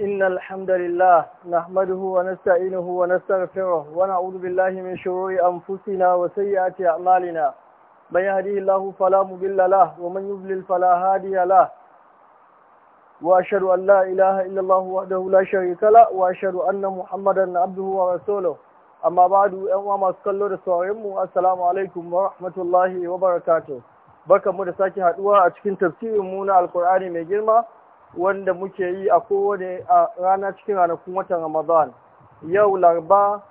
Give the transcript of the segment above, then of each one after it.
إن الحمد لله نحمده ونستعينه ونستغفره ونعوذ بالله من شرور أنفسنا وسيئات أعمالنا من يهديه الله فلا مضل له ومن يضلل فلا هادي له وأشهد أن لا إله إلا الله وحده لا شريك له وأشهد أن محمدا عبده ورسوله amma ba du ‘yan uwa masu kallo da saurinmu assalamu alaikum wa rahmatullahi wa barakatuh barkanmu da sake haduwa a cikin tafsirinmu na alkur'ani mai girma wanda muke yi a kowane rana cikin ranakun watan Ramadan yau larba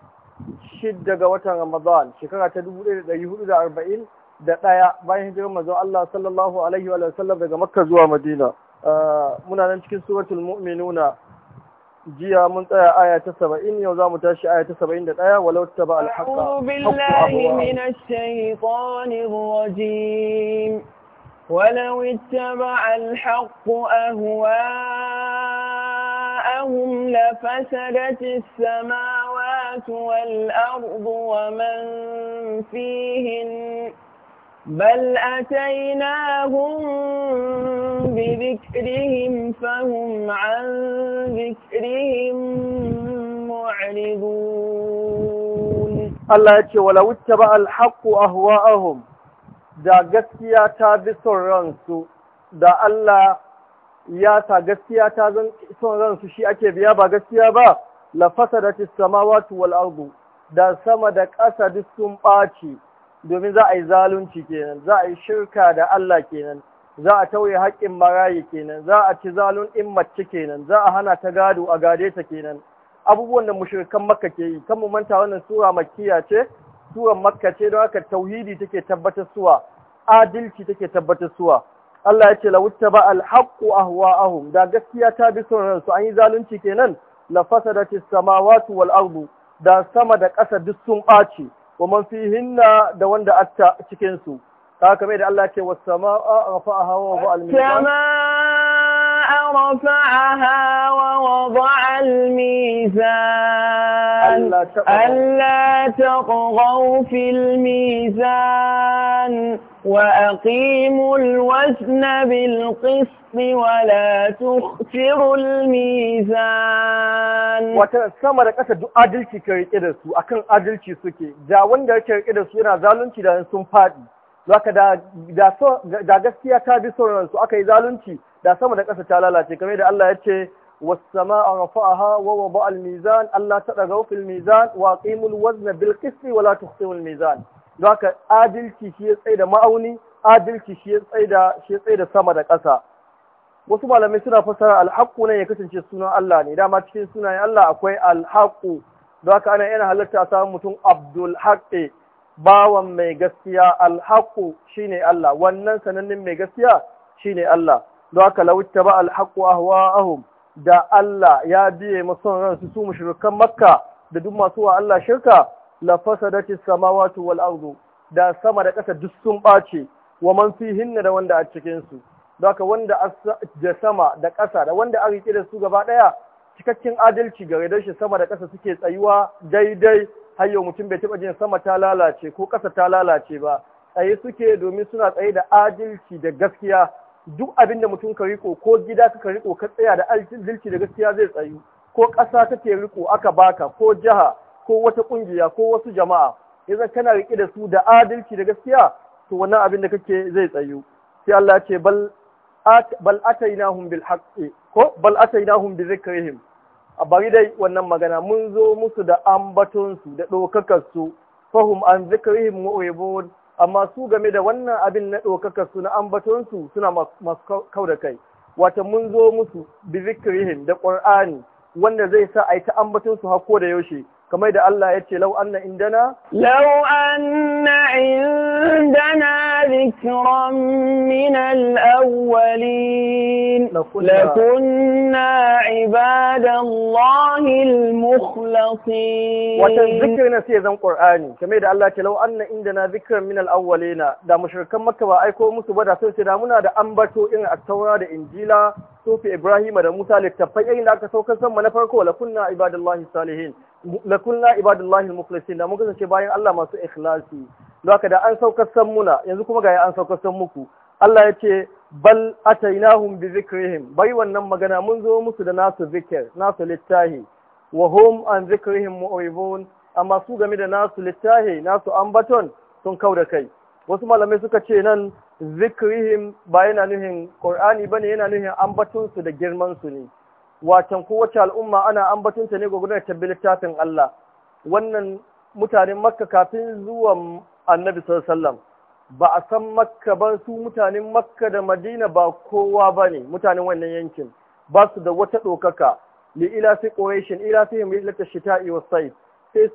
shidda ga watan Ramadan shekara ta 1440 da ɗaya bayan hijirar manzon Allah sallallahu alaihi wa sallam daga Makka zuwa Madina ah, muna nan cikin suratul mu'minuna jiya mun tsaya aya ta 70 yau zamu tashi aya ta 71 walau ta ba alhaka a'udhu billahi minash rajim ولو اتبع الحق أهواءهم لفسدت السماوات والأرض ومن فيهن بل أتيناهم بذكرهم فهم عن ذكرهم معرضون الله يقول ولو اتبع الحق أهواءهم da gaskiya ta bi son ransu da Allah ya sa gaskiya ta zan son ransu shi ake biya ba gaskiya ba la fasadatis samawati wal ardu da sama da ƙasa duk sun ɓaci domin za a yi zalunci kenan za a yi shirka da Allah kenan za a tauye haƙƙin marayi kenan za a ci zalun in mace kenan za a hana ta gado a gade ta kenan abubuwan da mushrikan makka ke yi kan mu manta wannan sura makkiya ce suwan makka ce don haka tauhidi take tabbatar suwa adalci take tabbatar suwa Allah ya ce la wuttaba al haqqu ahwa'ahum da gaskiya ta bi son ransu an yi zalunci kenan la fasadati samawati wal ardu da sama da ƙasa duk sun ɓaci wa man fihinna da wanda atta cikin su haka mai da Allah ya ce was samaa rafa'aha wa al-mizan رفعها ووضع الميزان ألا تطغوا في الميزان وأقيموا الوزن بالقسط ولا تخسروا الميزان wata sama da ƙasa duk adalci ka riƙe da su akan adalci suke da wanda ka riƙe da su yana zalunci da sun faɗi zaka gaskiya ta bi sauran su aka yi zalunci da sama da ƙasa ta lalace kamar da Allah ya ce was-samaa rafa'aha wa wada'a al-mizan Allah ta daga fil mizan wa qimul wazna bil qisti wa la tukhsiwul mizan haka adalci shi ya tsaida ma'auni adalci shi ya tsaida shi ya sama da ƙasa wasu malamai suna fassara al-haqqu ne ya kasance sunan Allah ne dama cikin sunayen Allah akwai al-haqqu ana yana halarta a samu mutum Abdul Haqqi bawan mai gaskiya al-haqqu shine Allah wannan sanannen mai gaskiya shine Allah don haka lawuta ba alhaƙu ahwa'ahum da Allah ya biye masu ransu su mushrikan makka da duk masu wa Allah shirka la fasadati samawati wal ardu da sama da ƙasa duk sun ɓace wa man fihinna da wanda a cikin su don haka wanda da sama da ƙasa da wanda a rike da su gaba ɗaya cikakken adalci gare da shi sama da ƙasa suke tsayuwa daidai har yau mutum bai taɓa jin sama ta lalace ko ƙasa ta lalace ba tsaye suke domin suna tsaye da adalci da gaskiya duk abin da mutum ka riko ko gida ka riko ka tsaya da alzilci da gaskiya zai tsayu ko ƙasa ka ke riko aka baka ko jiha ko wata ƙungiya ko wasu jama'a idan kana riƙe da su da adalci da gaskiya to wannan abin da kake zai tsayu sai Allah ce bal bal atainahum bil haqqi ko bal atainahum bi zikrihim a bari dai wannan magana mun zo musu da ambaton su da dokakar su fahum an zikrihim mu'ribun amma su game da wannan abin na ɗaukakar su na ambatonsu suna masu kau da kai wata mun zo musu bizikirihim da ƙur'ani wanda zai sa a yi ta ambatonsu hako da yaushe kamar da Allah ya ce lau anna indana ذكرا من الأولين لكنا عباد الله المخلصين وتذكر نسي ذن قرآني كما يدعى الله لو أن عندنا ذكر من الأولين دا مشركا مكة وآيكو مصبادة سيسي دا منا دا أنبتو إن التوراة إنجيلا sofi Ibrahim da Musa littattafai yayin da aka saukar sama na farko la kunna ibadullahi salihin la kunna al mukhlasin da mun kasance bayan Allah masu ikhlasi haka da an saukar san muna yanzu kuma ga an saukar san muku Allah ya ce bal atainahum bi zikrihim bai wannan magana mun zo musu da nasu zikir nasu littahi wa hum an zikrihim mu'ribun amma su game da nasu littahi nasu ambaton sun kauda kai wasu malamai suka ce nan zikrihim ba yana nuhin ba ne yana nuhin ambatunsu da girmansu su ne watan kowace al'umma ana ambatun ne gwagwunar tabbi littafin Allah wannan mutanen makka kafin zuwa annabi sallallahu ba a san makka ba su mutanen makka da madina ba kowa ba ne mutanen wannan yankin ba su da wata ɗaukaka li ilasi ƙorashin ilasi him ilata sai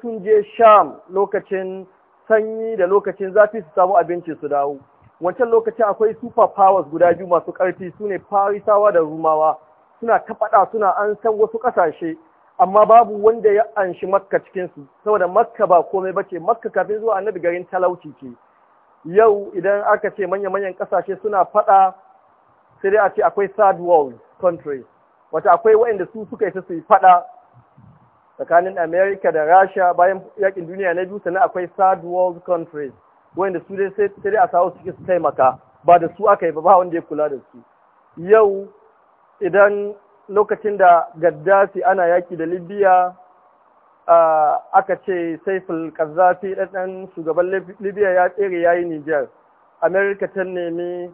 sun je sham lokacin sanyi da lokacin zafi su samu abinci su dawo wancan lokacin akwai super powers guda biyu masu ƙarfi su ne farisawa da rumawa suna ta faɗa suna an san wasu ƙasashe amma babu wanda ya anshi makka cikinsu saboda makka ba komai ba ce makka kafin zuwa annabi garin talauci ce yau idan aka ce manya-manyan ƙasashe suna faɗa sai dai a ce akwai third world country wata akwai waɗanda su suka yi su yi faɗa tsakanin Amerika da Rasha, bayan yakin duniya na biyu sannan akwai third world countries wanda su dai sai dai a sawo suke su taimaka ba da su aka yi ba ba wanda ya kula da su yau idan lokacin da Gaddafi ana yaki da Libya aka ce Saiful Qaddafi ɗan shugaban Libya ya tsere yayi Niger America ta nemi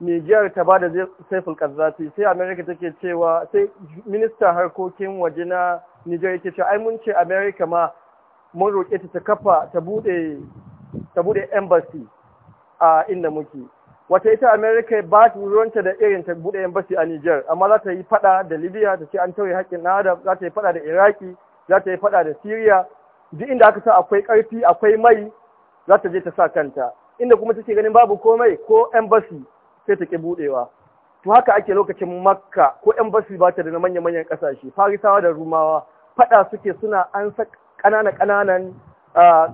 Niger ta ba da Saiful Qaddafi sai America take cewa sai ministan harkokin waje na Nijar yake ce, ai mun ce America ma mun roƙe ta ta kafa ta bude ta bude embassy a inda muke wata ita America ba ta ruwanta da irin ta bude embassy a Nijar amma za ta yi fada da Libya ta ce an tauye haƙƙin Adam za ta yi fada da Iraki za ta yi fada da Syria duk inda aka sa akwai ƙarfi akwai mai za ta je ta sa kanta inda kuma take ganin babu komai ko embassy sai ta ke budewa to haka ake lokacin makka ko yan basu ba ta da manya-manyan ƙasashe farisawa da rumawa faɗa suke suna an sa ƙanana-ƙananan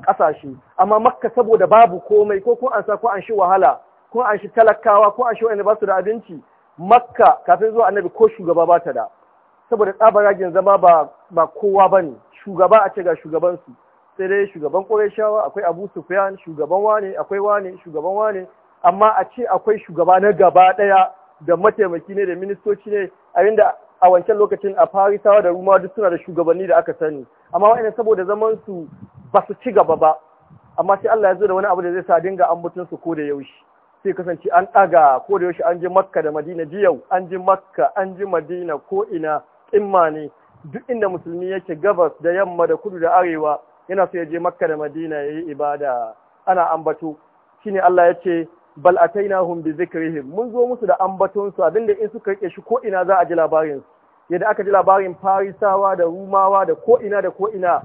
ƙasashe amma makka saboda babu komai ko kun an sa ko an shi wahala ko an shi talakawa ko an shi wa'anda ba su da abinci makka kafin zuwa annabi ko shugaba ba ta da saboda tsabaragen zama ba kowa ba ne shugaba a ce ga shugabansu sai dai shugaban ƙorashawa akwai abu sufyan shugaban wane akwai wane shugaban wane amma a ce akwai shugaba na gaba ɗaya da mataimaki ne da ministoci ne abinda a wancan lokacin a farisawa da rumawa duk suna da shugabanni da aka sani amma waina saboda zaman su ba su ci gaba ba amma sai Allah ya zo da wani abu da zai sa dinga mutun su ko da yaushe sai kasance an ɗaga ko da yaushe an ji makka da madina yau an ji makka an ji madina ko ina imma ne duk inda musulmi yake gabas da yamma da kudu da arewa yana so ya je makka da madina ya yi ibada ana ambato shine Allah ya ce bal atainahum bi zikrihim mun zo musu da ambaton su abinda in suka rike shi ko ina za a ji labarin su yadda aka ji labarin farisawa da rumawa da ko ina da ko ina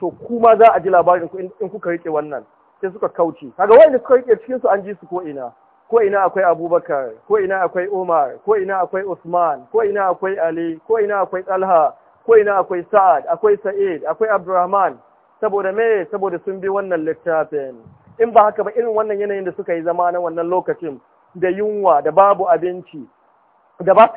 to kuma za a ji labarin ku in kuka rike wannan sai suka kauce kaga wanda suka rike cikin su an ji su ko ina ko ina akwai Abubakar ko ina akwai Umar ko ina akwai Usman ko ina akwai Ali ko ina akwai Talha ko ina akwai Sa'ad akwai Sa'id akwai Abdurrahman saboda me saboda sun bi wannan littafin in ba haka ba irin wannan yanayin da suka yi zama na wannan lokacin da yunwa da babu abinci da ba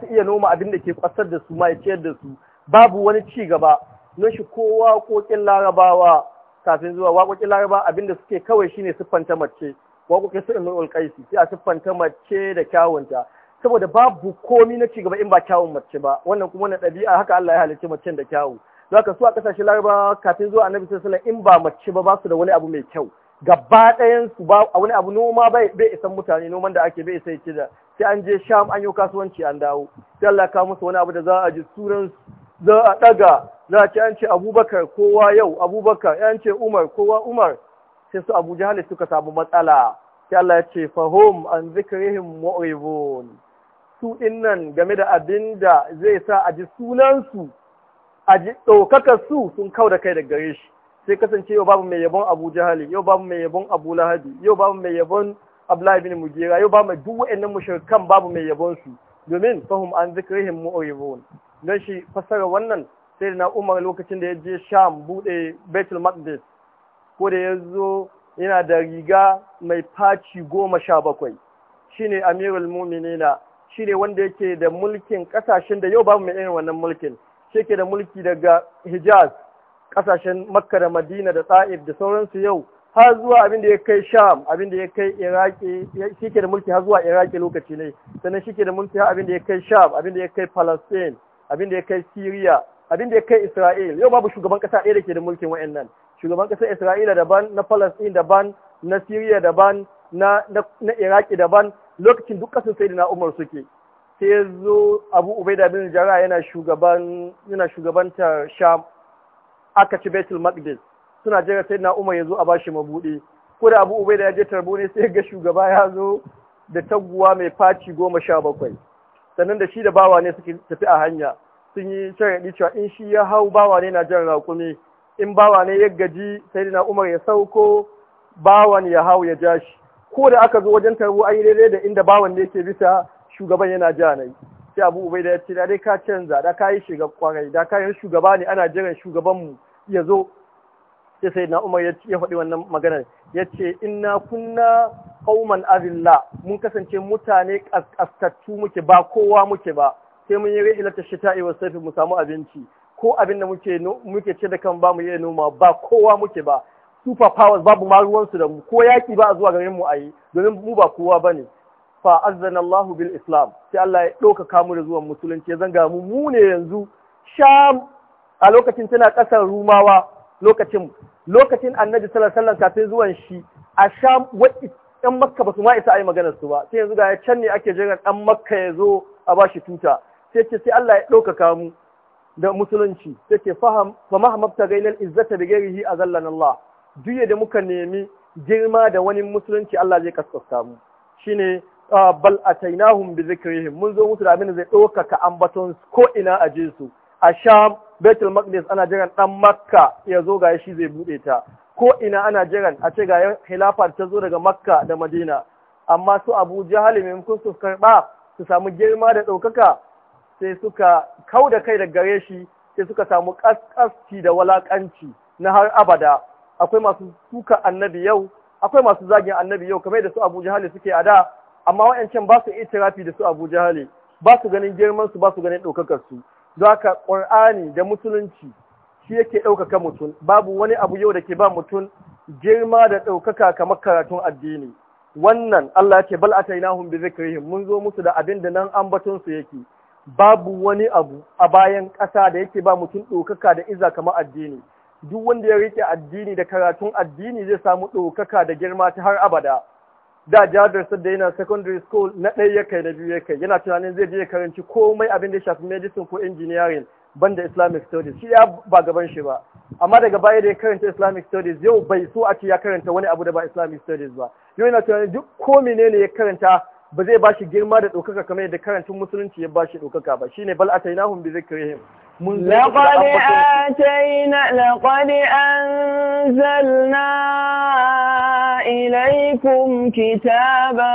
su iya noma abin da ke kwasar da su mai ciyar da su babu wani ci gaba na shi ko waƙoƙin larabawa kafin zuwa waƙoƙin laraba abin da suke kawai shine siffanta mace waƙoƙin su imrul qaisi sai a siffanta mace da kyawunta saboda babu komi na gaba in ba kyawun mace ba wannan kuma na ɗabi'a haka Allah ya halicci mace da kyawu Zaka su a kasashen laraba kafin zuwa Annabi sallallahu in ba mace ba ba su da wani abu mai kyau. Gaba ɗayan su ba wani abu noma bai bai isan mutane noman da ake bai isan yace da sai an je Sham an yi kasuwanci an dawo. Sai Allah ka musu wani abu da za a ji suran za a daga za a ce an ce Abubakar kowa yau Abubakar an ce Umar kowa Umar sai su Abu Jahal suka samu matsala. Sai Allah ya ce fahum an zikrihim mu'ribun. Su nan game da abin da zai sa a ji sunansu a ɗaukakar su sun kau da kai da gare shi sai kasance yau babu mai yabon Abu Jahali yau babu mai yabon Abu Lahabi yau babu mai yabon Abdullahi mu Mujera yau babu mai duk waɗannan mushrikan babu mai yabon su domin fahum an zikrihim mu'ribun don shi fasara wannan sai da na Umar lokacin da ya je Sham bude Baitul Maqdis ko da ya yana da riga mai faci goma sha bakwai shine Amirul Mu'minina shine wanda yake da mulkin kasashen da yau babu mai irin wannan mulkin shi ke da mulki daga Hijaz ƙasashen Makka da Madina da Ta'if da sauransu yau har zuwa abin da ya kai Sham abin da ya kai Iraki shi ke da mulki har zuwa Iraki lokaci ne sannan shi ke da mulki har abin da ya kai Sham abin da ya kai Palestine abin da ya kai Syria abin da ya kai Isra'il yau babu shugaban ƙasa ɗaya da ke da mulkin wa'annan shugaban ƙasar Isra'ila daban na Palestine daban na Syria daban na Iraki daban lokacin duk ƙasar sai na Umar suke sai zo abu ubaida bin jara yana shugaban yana shugabantar sham aka ci Betul maqdis suna jira sai na umar ya zo a bashi mabuɗi ko da abu ubaida ya je tarbo ne sai ga shugaba ya zo da taguwa mai faci goma sha bakwai sannan da shi da bawa ne suke tafi a hanya sun yi sharaɗi cewa in shi ya hau bawa ne na jan raƙumi in bawa ne ya gaji sai na umar ya sauko bawan ya hau ya ja shi ko da aka zo wajen tarbo an yi daidai da inda bawan ne yake bisa shugaban yana ja na yi sai abu ubaida ya ce da dai ka canza da ka yi shiga kwarai da ka yi shugaba ne ana jiran shugaban ya zo sai sai na umar ya faɗi wannan maganar ya ce inna kunna qauman azilla mun kasance mutane kaskastattu muke ba kowa muke ba sai mun yi ta shita'i wa sai mu samu abinci ko abin da muke muke ce da kan ba mu yi noma ba kowa muke ba super powers babu ma ruwansu da mu ko yaki ba a zuwa garin mu ayi domin mu ba kowa bane fa Allah bil Islam sai Allah ya ɗaukaka mu da zuwan musulunci ya zanga mu mu ne yanzu Sham a lokacin tana ƙasar Rumawa lokacin lokacin Annabi sallallahu alaihi wasallam kafin zuwan shi a Sham wacce ɗan Makka ba su ma isa a yi maganar su ba sai yanzu ga can ne ake jiran ɗan Makka ya zo a bashi tuta sai ce sai Allah ya ɗaukaka mu da musulunci sai ce faham fa mahamabta gainal izzata bi ghairihi azallana Allah duk da muka nemi girma da wani musulunci Allah zai kaskasta mu shine bal a bi zikrihim mun zo musu da abin da zai ɗaukaka ambaton ko ina a jinsu a sham betul maqdis ana jiran dan makka ya zo ga shi zai buɗe ta ko ina ana jiran a ce ga hilafar ta zo daga makka da madina amma su abu jahali maimakon su karba su samu girma da ɗaukaka sai suka kau da kai da gare shi sai suka samu ƙasƙasci da walaƙanci na har abada akwai masu suka annabi yau akwai masu zagin annabi yau kamar da su abu jahali suke a da amma wa'ancan ba su itirafi da su Abu Jahali ba su ganin girman su ba su ganin ɗaukakar su Za ka ƙur'ani da musulunci shi yake ɗaukaka mutum babu wani abu yau da ke ba mutum girma da ɗaukaka kamar karatun addini wannan Allah ya ce bal atainahum bi zikrihim mun zo musu da abin da nan ambaton su yake babu wani abu a bayan ƙasa da yake ba mutum ɗaukaka da iza kamar addini duk wanda ya rike addini da karatun addini zai samu ɗaukaka da girma ta har abada da jabir sadda yana secondary school na ɗaya ya kai na biyu ya kai yana tunanin zai je ya karanci komai abin da ya shafi medicine ko engineering da islamic studies shi ya ba gaban shi ba amma daga baya da ya karanta islamic studies yau bai so a ce ya karanta wani abu da ba islamic studies ba yau yana tunanin duk ko ne ya karanta ba zai bashi girma da ɗaukaka kamar yadda karantun musulunci ya bashi ɗaukaka ba shine bal atainahum bi zikrihim لقد لقد أنزلنا عليكم كتابا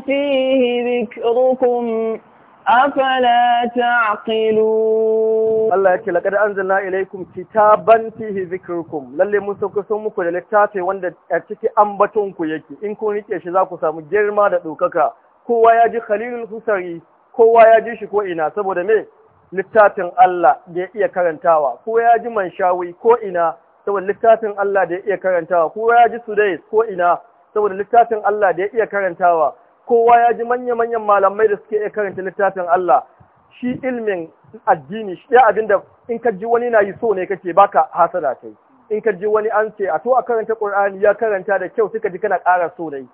فيه ذكركم أفلا تعقلون الله يكي لقد أنزلنا إليكم كتابا فيه ذكركم للي مستوك سومك للكتاب واند أتكي أنبتونك يكي إن كوني يشزاك سامو جرما دوكك كوا يجي خليل الخسري كوا يجي شكو إنا سبو دمي littafin الله دي إيا iya karantawa ko ya ji manshawi ko ina saboda littafin Allah da ya iya karantawa ko ya ji sudais saboda littafin Allah da ya iya karantawa kowa ya ji manya-manyan malamai da suke iya karanta littafin Allah shi ilmin addini shi ɗaya abin da in ka ji wani na yi so ne kake baka hasada kai in ka ji wani an ce a to a karanta Qur'ani ya karanta da kyau suka ji kana ƙara so dai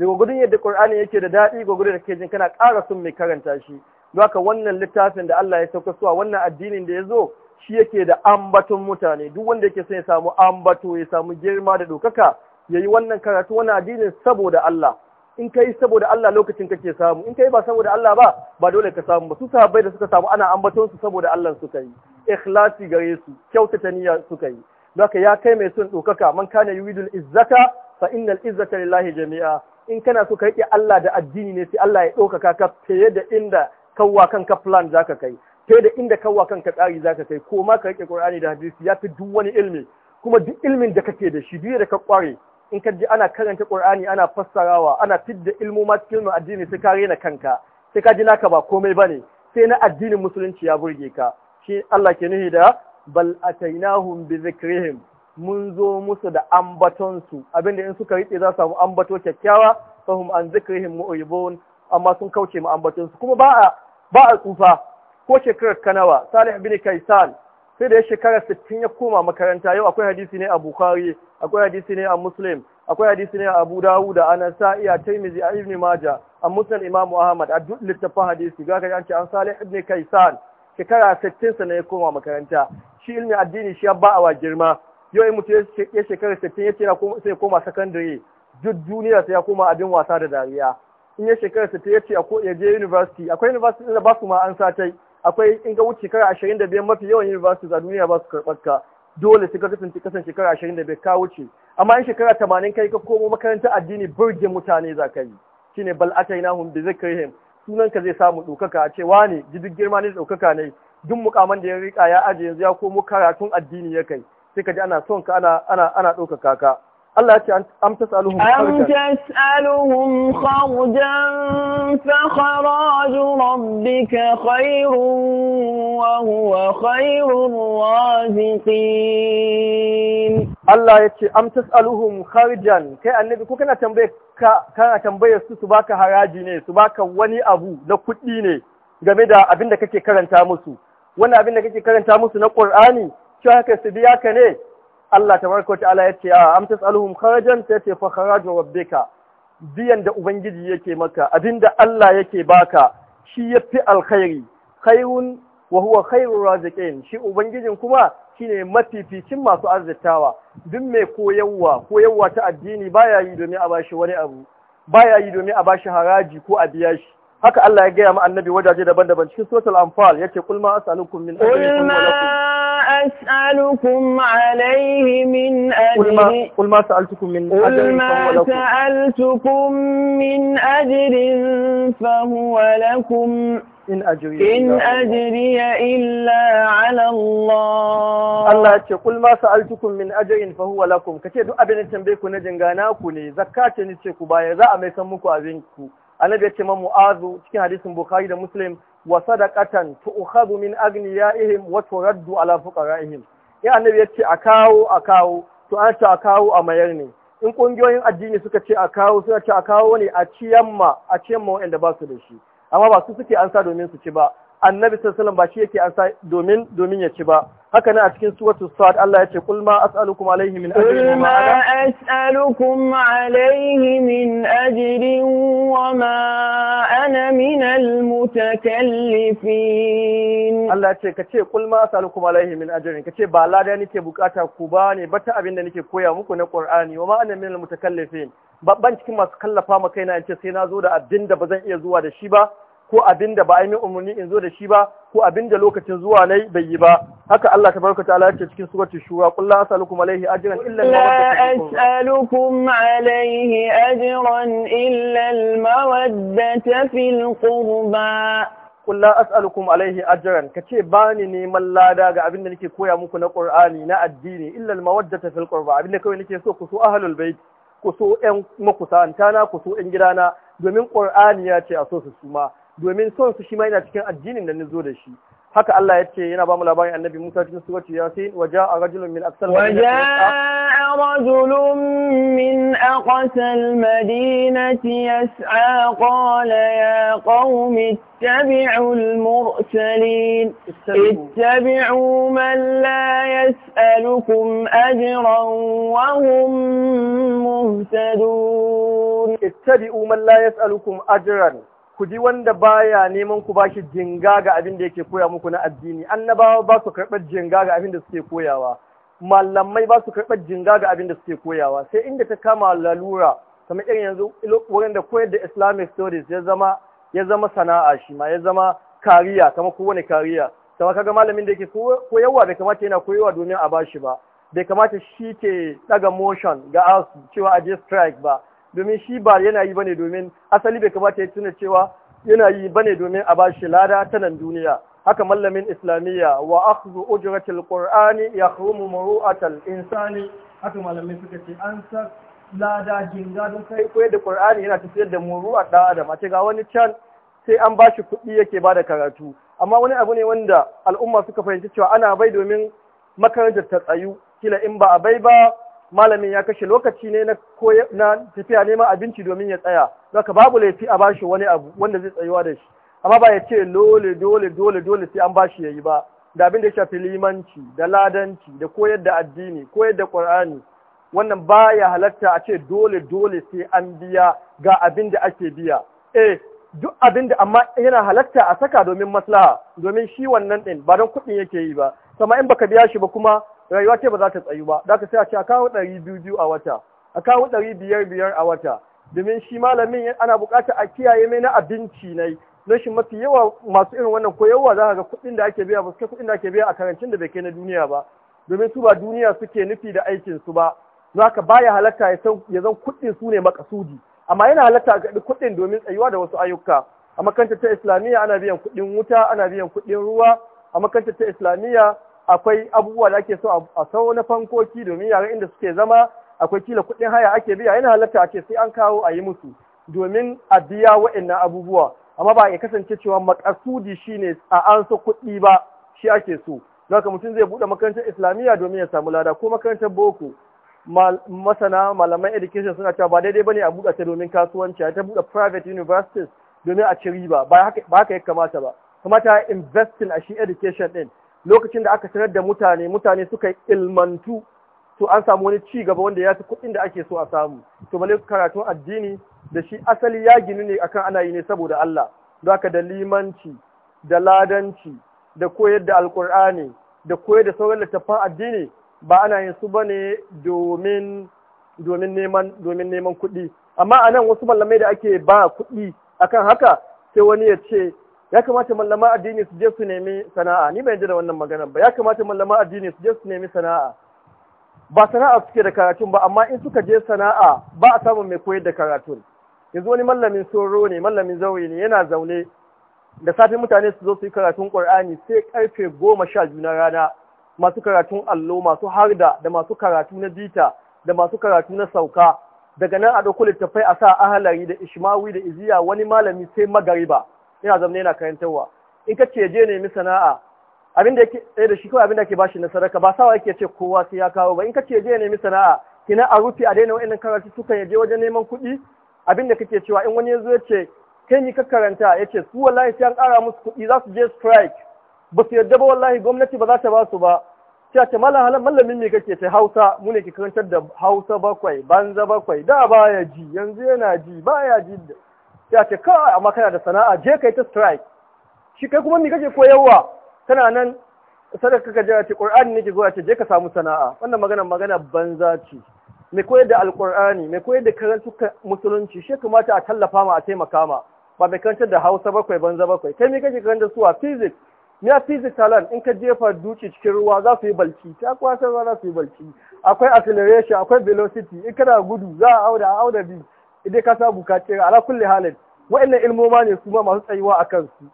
gudun yadda Qur'ani yake da daɗi gudun da ke jin kana ƙara son mai karanta shi don haka wannan littafin da Allah ya sauka suwa wannan addinin da ya zo shi yake da ambaton mutane duk wanda yake son ya samu ambato ya samu girma da ɗaukaka Ya yi wannan karatu wani addinin saboda Allah in ka yi saboda Allah lokacin kake samu in ka yi ba saboda Allah ba ba dole ka samu ba su sahabbai da suka samu ana ambaton su saboda Allah suka yi ikhlasi gare su kyautata niyya suka yi zaka ya kai mai son ɗaukaka man kana yuridul izzata fa innal izzata lillahi jami'a in kana so ka riƙe Allah da addini ne sai Allah ya ɗaukaka ka fiye da inda kawwa kanka plan zaka kai fiye da inda kawwa kanka tsari zaka kai ko ma ka riƙe Qur'ani da hadisi ya fi duk wani ilmi kuma duk ilmin da kake da shi duk da ka ƙware in ka ji ana karanta Qur'ani ana fassarawa ana fidda ilmoma cikin addini sai ka na kanka sai ka ji naka ba komai bane sai na addinin musulunci ya burge ka shi Allah ke nuhi da bal atainahum bi mun zo musu da ambaton abinda in suka rike za su samu ambato kyakkyawa fahum an zikrihim mu'ribun amma sun kauce mu ambaton kuma ba ba a tsufa ko shekarar kanawa Salih bin Kaisan sai da ya shekara sittin ya koma makaranta yau akwai hadisi ne a Bukhari akwai hadisi ne a Muslim akwai hadisi ne a Abu Dawud da Anasai a Tirmidhi a Ibn Majah a Musnad Imam Ahmad a duk littafin hadisi ga an ce an Salih ibn Kaysan shekara 60 sa ne ya koma makaranta shi ilmi addini shi ya ba a wa girma yau in mutum ya shekara sittin ya ce sai koma sakandare duk duniya sai ya koma abin wasa da dariya in ya shekara sittin ya ce ya je university akwai university da ba su ma an satai akwai in ka wuce shekara ashirin da biyar mafi yawan universities a duniya ba su karɓar ka dole su ka kasance kasan shekara ashirin da biyar ka wuce amma in shekara tamanin kai ka komo makarantar addini birgin mutane za ka yi shine bal zai bi zikrihim sunan ka zai samu ɗaukaka a ce wani duk girma ne ɗaukaka ne duk mukaman da ya rika ya aje yanzu ya komo karatun addini ya kai sai ka ji ana son ka ana ana ana ɗaukaka ka Allah ya ce am tas'aluhum am tas'aluhum kharjan fa kharaju rabbika khairun wa huwa khairur raziqin Allah ya ce am tas'aluhum kharjan kai annabi ko kana tambaye ka kana tambaye su su baka haraji ne su baka wani abu na kuɗi ne game da abin da kake karanta musu wannan abin da kake karanta musu na ƙur'ani shi haka su biya ka ne Allah tabaraka ta'ala yace a am tasaluhum kharajan sai ce fa kharaju rabbika biyan da ubangiji yake maka abinda Allah yake baka shi yafi alkhairi khairun wa huwa khairur raziqin shi ubangijin kuma shine mafificin masu arzikawa duk mai koyarwa koyarwa ta addini baya yi domin a bashi wani abu baya yi domin a bashi haraji ko a biya shi haka Allah ya gaya ma annabi wajaje daban-daban cikin suratul anfal yace kulma ma as'alukum min ajrin أسألكم عليه من أجر قل ما, قل ما سألتكم من أجر قل ما سألتكم من أجر فهو لكم إن أجري إن أجري إلا على الله الله ce kul ma sa'altukum min ajrin fa huwa lakum kace duk abin da tambaye ku na jingana ne zakkace ce ni ce ku baya za a mai san muku abinku' ku annabi ya ce ma mu'azu cikin hadisin bukhari da muslim wa sadaqatan tu'khadhu min aghniyaihim wa turaddu ala fuqaraihim in annabi ya ce a kawo a kawo to an ce a kawo a mayar ne in kungiyoyin addini suka ce a kawo suka ce a kawo ne a ciyamma a ciyamma wanda ba su da shi amma ba su suke ansa domin su ci ba annabi sallallahu ba shi yake ansa domin domin ya ci ba haka nan a cikin suratu sa'ad, Allah ya ce kul ma as'alukum alaihi min ajrin wa ma as'alukum alaihi min ajrin wa ma ana min almutakallifin Allah ce ka ce kul ma as'alukum alaihi min ajrin ka ce ba lada nake bukata ku ba ne ba ta abin da nake koya muku na Qur'ani wa ma ana min almutakallifin ban cikin masu kallafa ma kaina ce sai na zo da abin da ba zan iya zuwa da shi ba ko abin da ba a yi umarni in zo da shi ba ko abin da lokacin zuwa nai bai yi ba haka Allah tabaraka ta'ala yake cikin surati shura qul la as'alukum alayhi ajran illa as'alukum alayhi ajran illa al-mawaddata fil qurba qul la as'alukum alayhi ajran kace bani neman lada ga abin da nake koya muku na Qur'ani na addini illa al-mawaddata fil qurba abin da kawai nake so ku so ahlul bait ku so ƴan makusanta na ku so ƴan gidana domin Qur'ani ya ce a so su suma domin son su shi ma yana cikin addinin da nazo da shi haka Allah ya ce yana ba mu labarin annabi Musa cikin suratul Yasin wa ja'a rajulun min aqsal waja'a rajulun min aqsal madinati yas'a qala ya qaumi ittabi'u al-mursalin ittabi'u man la yas'alukum ajran wa hum muhtadun ittabi'u man la yas'alukum ajran ku ji wanda baya neman ku bashi jinga ga abin da yake koya muku na addini annabawa ba su karɓar jinga ga abin da suke koyawa malamai ba su karɓar jinga ga abin da suke koyawa sai inda ta kama lalura kamar irin yanzu wurin da koyar da islamic studies ya zama ya zama sana'a shi ma ya zama kariya kamar kowane kariya kamar kaga malamin da yake koyarwa bai kamata yana koyarwa domin a bashi ba bai kamata shi ke ɗaga motion ga asu cewa a je strike ba domin shi ba yana yi bane domin asali bai kamata ya tuna cewa yana yi bane domin a bashi lada ta nan duniya haka mallamin islamiyya wa akhdhu ujratil qur'ani yahrumu muru'atal insani haka malamai suka ce an sa lada jinga don kai koyar da qur'ani yana tafiyar da muru'a da adam a ce ga wani can sai an bashi kuɗi yake bada karatu amma wani abu ne wanda al'umma suka fahimci cewa ana bai domin makarantar ta tsayu kila in ba a bai ba malamin ya kashe lokaci ne na na tafiya neman abinci domin ya tsaya zaka babu laifi a bashi wani abu wanda zai tsayuwa da shi amma ba ya ce dole dole dole dole sai an bashi yayi ba da abin da ya shafi limanci da ladanci da koyar da addini koyar da qur'ani wannan baya halatta a ce dole dole sai an biya ga abin da ake biya eh duk abin da amma yana halatta a saka domin maslaha domin shi wannan ɗin, ba don kuɗin yake yi ba sama in baka biya shi ba kuma rayuwa ce ba za ta tsayu ba za ka sai a ce a kawo ɗari biyu biyu a wata a kawo ɗari biyar biyar a wata domin shi malamin ana buƙatar a kiyaye mai na abinci na rashin mafi yawa masu irin wannan koyarwa za ka ga kuɗin da ake biya ba su kai kuɗin da ake biya a karancin da bai kai na duniya ba domin su ba duniya suke nufi da aikin su ba za ka ya halatta ya zan kuɗin su ne makasudi amma yana halatta a gaɗi kuɗin domin tsayuwa da wasu ayyuka a makarantar ta islamiyya ana biyan kuɗin wuta ana biyan kuɗin ruwa a makarantar ta islamiyya akwai abubuwa da ake so a sau na fankoki domin yara inda suke zama akwai kila kuɗin haya ake biya yana halatta ake sai an kawo a yi musu domin a biya wa'annan abubuwa amma ba ya kasance cewa makasudi shine a an so kuɗi ba shi ake so haka mutum zai buɗe makarantar islamiyya domin ya samu lada ko makarantar boko masana malaman education suna cewa ba daidai bane a buɗe ta domin kasuwanci ta buɗe private universities domin a ciri ba, ba haka ya kamata ba kamata investing a shi education din lokacin da aka sanar da mutane mutane suka yi ilmantu to an samu wani ci gaba wanda ya fi kuɗin da ake so a samu to bale karatun addini da shi asali ya ginu ne akan ana yi ne saboda Allah don haka da limanci da ladanci da koyar da alkur'ani da koyar da sauran littattafan addini ba ana yin su bane domin domin neman domin neman kuɗi amma anan wasu mallamai da ake ba kuɗi akan haka sai wani ya ce ya kamata mallama addini su je su nemi sana'a ni bai da wannan magana ba ya kamata mallama addini su je su nemi sana'a ba sana'a suke da karatun ba amma in suka je sana'a ba a samun mai koyar da karatun yanzu wani mallamin soro ne mallamin zaure ne yana zaune da safe mutane su zo su yi karatun qur'ani sai karfe goma sha biyu na rana masu karatun allo masu harda da masu karatu na dita, da masu karatu na sauka daga nan a ɗauko littattafai a sa ahalari da ishmawi da iziya wani malami sai magariba yana zama yana karantarwa in ka ce je nemi sana'a abin da yake da shi kawai abin da ke bashi na sadaka ba sawa yake ce kowa sai ya kawo ba in ka ce je nemi sana'a kina a rufe a daina wa'annan karatu suka ya je wajen neman kuɗi abin da kake cewa in wani ya zo ya ce kai ni ka karanta ya ce su wallahi sai an ƙara musu kuɗi za su je strike ba su yarda ba wallahi gwamnati ba za ta ba su ba sai a ce malam halan mallamin me kake ce hausa mu ne ke karantar da hausa bakwai banza bakwai da baya ji yanzu yana ji baya ji sai a ce kawai amma kana da sana'a je kai ta strike shi kai kuma me kake koyarwa kana nan sadaka ka jira ce qur'ani nake zuwa ce je ka samu sana'a wannan magana magana banza ce mai koyar da alqur'ani mai koyar da karantuka musulunci shi kamata a tallafa ma a taimaka ma ba mai karantar da Hausa bakwai banza bakwai kai me kake karantar suwa physics a physics talent in ka jefa duci cikin ruwa za su yi balci ta kwasar ruwa za su yi balci akwai acceleration akwai velocity in kana gudu za a auda a auda biyu idai ka samu ka ce ala kulli halin wa'annan ilmoma ne su ma masu tsayuwa a kansu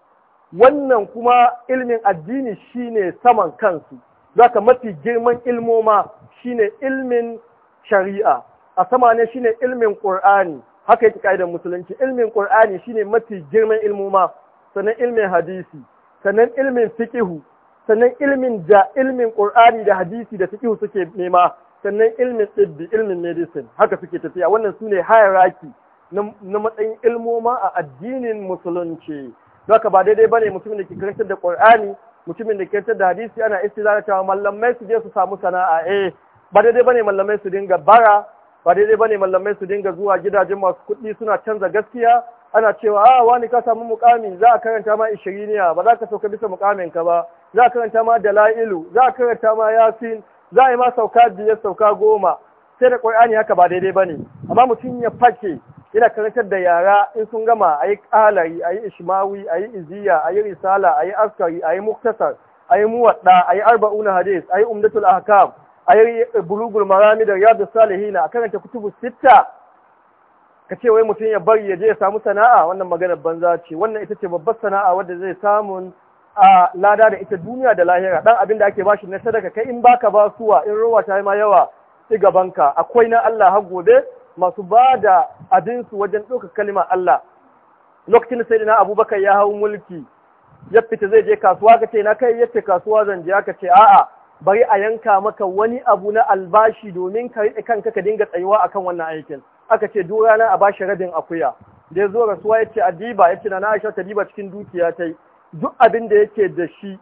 wannan kuma ilmin addini shine saman kansu zaka mafi girman ilmoma shine ilmin shari'a a sama ne shine ilmin qur'ani haka yake kaidar musulunci ilmin qur'ani shine mafi girman ilmoma sannan ilmin hadisi sannan ilmin fiqihu sannan ilmin da ilmin qur'ani da hadisi da fiqihu suke nema sannan ilmin tsibbi ilmin medicine haka suke tafiya wannan su ne hierarchy na matsayin ilmoma a addinin musulunci ka ba daidai bane mutumin da ke karantar da qur'ani mutumin da ke karantar da hadisi ana istizara cewa mallamai su je su samu sana'a eh ba daidai bane mallamai su dinga bara ba daidai bane mallamai su dinga zuwa gidajen masu kuɗi suna canza gaskiya ana cewa a ah, wani ka samu mukami za a karanta ma ishiriniya ba za ka sauka bisa mukamin ka ba za a karanta ma dalailu za a karanta ma yasin za a yi ma sauka biyar sauka goma sai da ƙur'ani haka ba daidai ba ne amma mutum ya fake yana karantar da yara in sun gama a yi ƙalari a yi ishmawi a yi iziya a yi risala a yi askari a yi muktasar a yi muwaɗa a yi arba'una hadis a yi umdatul ahkam a yi bulugul marami da riyadu salihina a karanta kutubu sitta ka ce wai mutum ya bari ya je ya samu sana'a wannan maganar banza ce wannan ita ce babbar sana'a wadda zai samun a lada da ita duniya da lahira dan abin da ake bashi na sadaka kai in baka ba suwa in ruwa ta ma yawa ci gabanka akwai na Allah har gobe masu ba da abinsu wajen ɗaukar kalima Allah lokacin sai na abubakar ya hau mulki ya fita zai je kasuwa ka ce na kai yace kasuwa zan je aka ce a'a bari a yanka maka wani abu na albashi domin ka riƙe kanka ka dinga tsayuwa akan wannan aikin aka ce duk rana a bashi rabin akuya da ya zo rasuwa ya ce adiba ya ce na na aisha ta diba cikin dukiya ta yi duk abin da yake da shi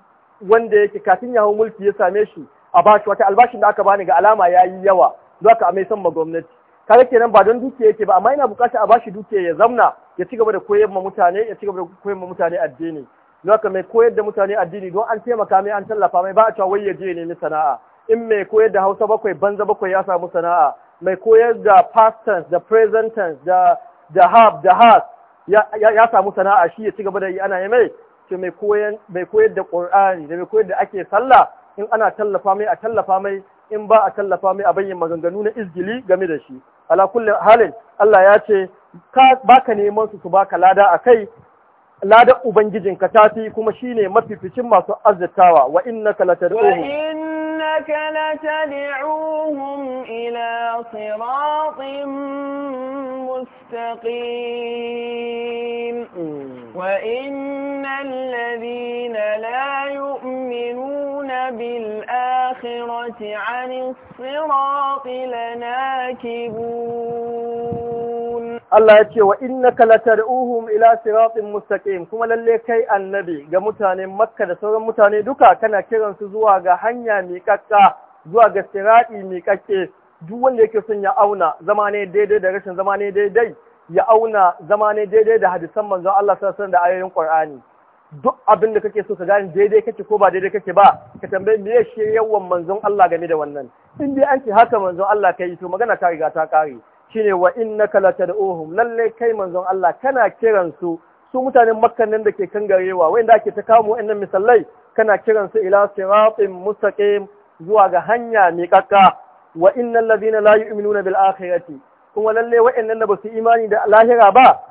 wanda yake kafin ya mulki ya same shi a bashi wata albashin da aka bani ga alama ya yi yawa zuwa ka amai ma gwamnati kaga kenan ba don dukiya yake ba amma ina bukatar a bashi dukiya ya zamna ya ci gaba da koyar ma mutane ya ci gaba da koyar ma mutane addini don mai koyar da mutane addini don an taimaka mai an tallafa mai ba a cewa wai ya je nemi sana'a in mai koyar da hausa bakwai banza bakwai ya samu sana'a mai koyar da past da present da da da has ya, samu sana'a shi ya ci gaba da yi ana yi mai ce mai koyar da ƙur'ani da mai koyar da ake sallah in ana tallafa mai a tallafa mai in ba a tallafa mai a bayyana maganganu na izgili game da shi ala halin Allah ya ce baka neman su su baka lada a kai ladar ubangijin ta fi kuma shine mafificin masu arzikawa wa innaka latad'uhum innaka latad'uhum ila siratin mustaqim hmm. وإن الذين لا يؤمنون بالآخرة عن الصراط لناكبون الله يتي وإنك لترؤوهم إلى صراط مستقيم كما للي كي النبي غمتاني مكة سورة متاني دكا كان كيران سزوا غحنيا ميكاكا zuwa ga sirati miƙaƙe duk wanda yake son ya auna zama ne daidai da rashin zama ne daidai ya auna zama ne daidai da hadisan manzon Allah sallallahu da ayoyin Qur'ani duk abin da kake so ka gane daidai kake ko ba daidai kake ba ka tambaye me shi yawan manzon Allah game da wannan in dai an ce haka manzon Allah kai to magana ta riga ta kare shine wa innaka latad'uhum lalle kai manzon Allah kana kiran su su mutanen makkan nan da ke kan garewa wanda ake ta kawo wannan misalai kana kiran su ila siratin mustaqim zuwa ga hanya mai kakka wa innal ladina la yu'minuna bil akhirati kuma lalle wa'annan da yi imani da lahira ba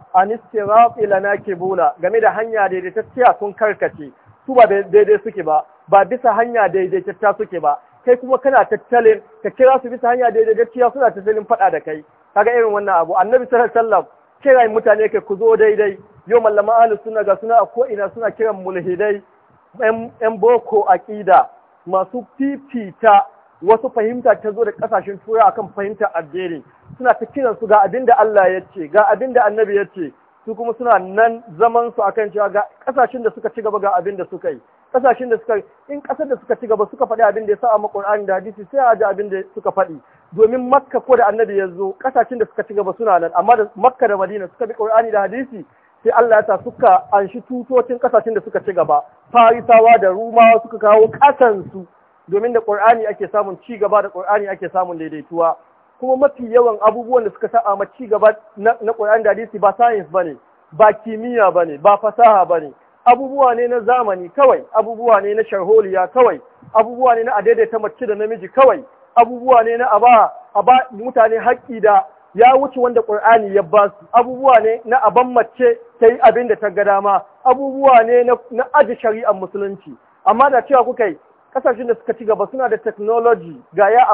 ke bula. game da hanya daidaitacciya sun karkace su ba daidai suke ba ba bisa hanya daidaitacciya suke ba kai kuma kana tattalin ka kira su bisa hanya daidaitacciya suna tattalin faɗa da kai kaga irin wannan abu annabi sallallahu alaihi wasallam kira mutane kai ku zo daidai yau mallama ahlus suna ga suna a ko'ina suna kiran mulhidai yan boko aƙida masu fifita wasu fahimta ta zo da kasashen turai akan fahimta addini suna ta kiran su ga abin da Allah ya ce ga abin da annabi ya ce su kuma suna nan zaman su akan cewa ga kasashen da suka ci gaba ga abin da suka yi kasashen da suka in kasar da suka ci gaba suka faɗi abin da ya sa a Qur'ani da hadisi sai a ji abin da suka faɗi domin Makka ko da annabi ya zo kasashen da suka ci gaba suna nan amma da Makka da Madina suka bi Qur'ani da hadisi sai Allah ya sa suka anshi tutocin kasashen da suka ci gaba Farisawa da Rumawa suka kawo kasansu domin da ƙur'ani ake samun ci gaba da ƙur'ani ake samun daidaituwa kuma mafi yawan abubuwan da suka sa a ci gaba na Qur'ani da hadisi ba science bane ba kimiyya bane ba fasaha bane abubuwa ne na zamani kawai abubuwa ne na sharholiya kawai abubuwa ne na adaidaita mace da namiji kawai abubuwa ne na aba aba mutane haƙƙi da ya wuce wanda ƙur'ani ya ba su abubuwa ne na aban mace ta yi abin da ta ga dama abubuwa ne na aji shari'ar musulunci amma da cewa kuka yi kasashen da suka ci gaba suna da technology ga ya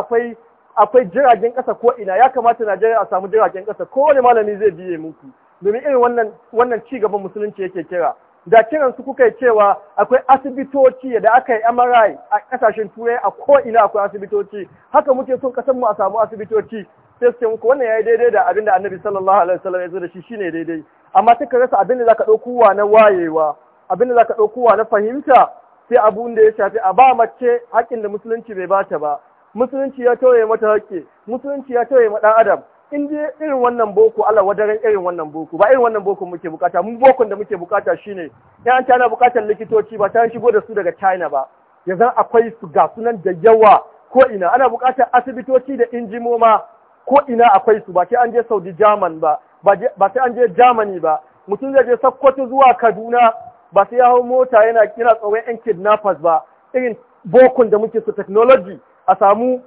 akwai jiragen kasa ko ina ya kamata Najeriya a samu jiragen kasa wani malami zai biye muku domin irin wannan ci gaban musulunci yake kira da kiran su kuka cewa akwai asibitoci da aka yi MRI a kasashen turai a ko ina akwai asibitoci haka muke son kasan mu a samu asibitoci sai suke muku wannan yayi daidai da abin da Annabi sallallahu alaihi wasallam ya zo da shi shine daidai amma sai rasa abin da zaka dauko wa na wayewa abin da zaka dauko wa na fahimta sai abun da ya shafi a ba mace haƙƙin da musulunci bai bata ba musulunci ya tauye mata haƙƙi musulunci ya tauye adam in dai irin wannan boko Allah wadaren irin wannan boko ba irin wannan boko muke bukata mun bokon da muke bukata shine yan tana bukatar likitoci ba ta shigo da su daga China ba yanzu akwai su ga sunan da yawa ko ina ana bukatar asibitoci da injimoma ko ina akwai su ba sai an je Saudi ba ba sai an je Germany ba mutum zai je Sokoto zuwa Kaduna ba su ya mota yana kira tsoron yan kidnappers ba irin bokun da muke su technology a samu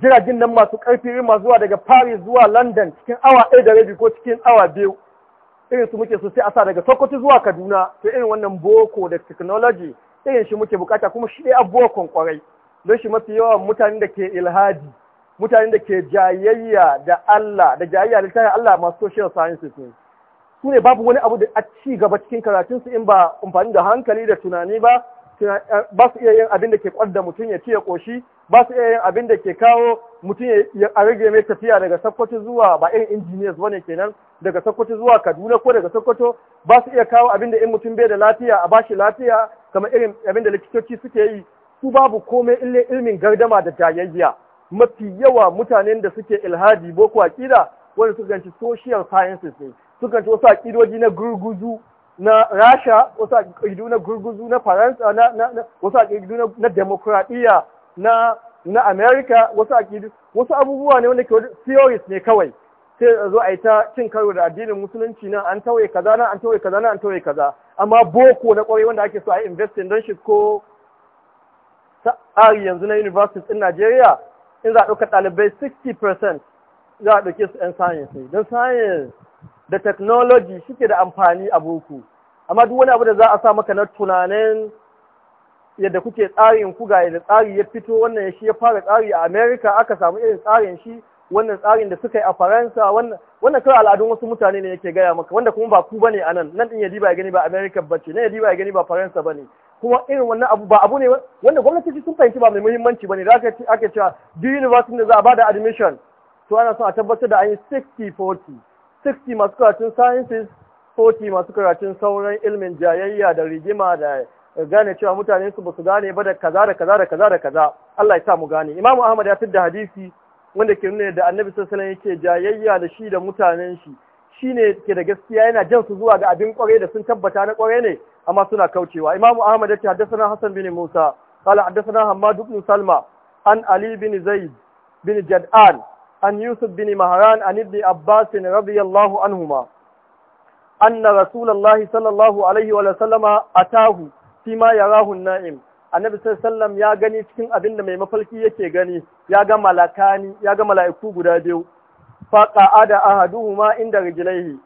jiragen nan masu karfi irin masu zuwa daga Paris zuwa London cikin awa ɗaya da rabi ko cikin awa biyu irin su muke su sai a sa daga Sokoto zuwa Kaduna to irin wannan boko da technology irin shi muke bukata kuma shi ɗaya bokon kwarai don shi mafi yawan mutane da ke ilhadi mutane da ke jayayya da Allah da jayayya da Allah masu social sciences ne su ne babu wani abu da a ci gaba cikin karatunsu in ba amfani da hankali da tunani ba eh, ba su iya yin abin da ke kwadda mutum ya ci ya koshi ba su iya yin abin da ke kawo mutum ya rage mai tafiya daga sakkwato zuwa ba irin engineers bane kenan daga sakkwato zuwa kaduna ko daga sakkwato ba su iya kawo abin da in mutum bai da lafiya a bashi lafiya kamar irin abin da likitoci suke yi su babu komai ille ilmin gardama da jayayya mafi yawa mutanen da suke ilhadi boko akida wanda suka ganci social sciences ne suka ci wasu aƙidoji na gurguzu na rasha wasu aƙidu na gurguzu na faransa na wasu aƙidu na demokuraɗiyya na na america wasu aƙidu wasu abubuwa ne wanda ke theories ne kawai sai a zo a yi ta cin karo da addinin musulunci na, an tawaye kaza na, an tawaye kaza na, an tawaye kaza amma boko na kwarai wanda ake so a yi investing don shi ko tsari yanzu na universities in Najeriya in za a ɗauka ɗalibai 60% za a ɗauke su 'yan science ne don science da technology suke da amfani a boko amma duk wani abu da za a sa maka na tunanin yadda kuke tsarin ku ga yadda tsari ya fito wannan ya shi ya fara tsari a America aka samu irin tsarin shi wannan tsarin da suka yi a Faransa wannan kawai al'adun wasu mutane ne yake gaya maka wanda kuma ba ku bane a nan nan din ya diba ya gani ba America ce. nan ya diba ya gani ba Faransa ba ne. kuma irin wannan abu ba abu ne wanda gwamnati sun fahimci ba mai muhimmanci ba ne. Da ake cewa duk university da za a bada admission to ana son a tabbatar da an yi 60 40 60 masu karatun sciences 40 masu karatun sauran ilmin jayayya da rigima da gane cewa mutane su basu gane ba da kaza da kaza da kaza da kaza Allah ya sa mu gane Imam Ahmad ya da hadisi wanda ke nuna da Annabi sallallahu alaihi wasallam yake jayayya da shi da mutanen shi shine ke da gaskiya yana jan su zuwa ga abin kware da sun tabbata na kware ne amma suna kaucewa Imam Ahmad ya ce haddathana Hassan bin Musa qala حدثنا Hammad bin Salma an Ali bin Zaid bin Jad'an. عن يوسف بن مهران عن ابن عباس رضي الله عنهما أن رسول الله صلى الله عليه وسلم أتاه فيما يراه النائم annabi sallam ya gani cikin abin da mai mafalki yake gani ya ga malakani ya ga mala'iku guda biyu fa qa'ada ahaduhuma inda rijlaihi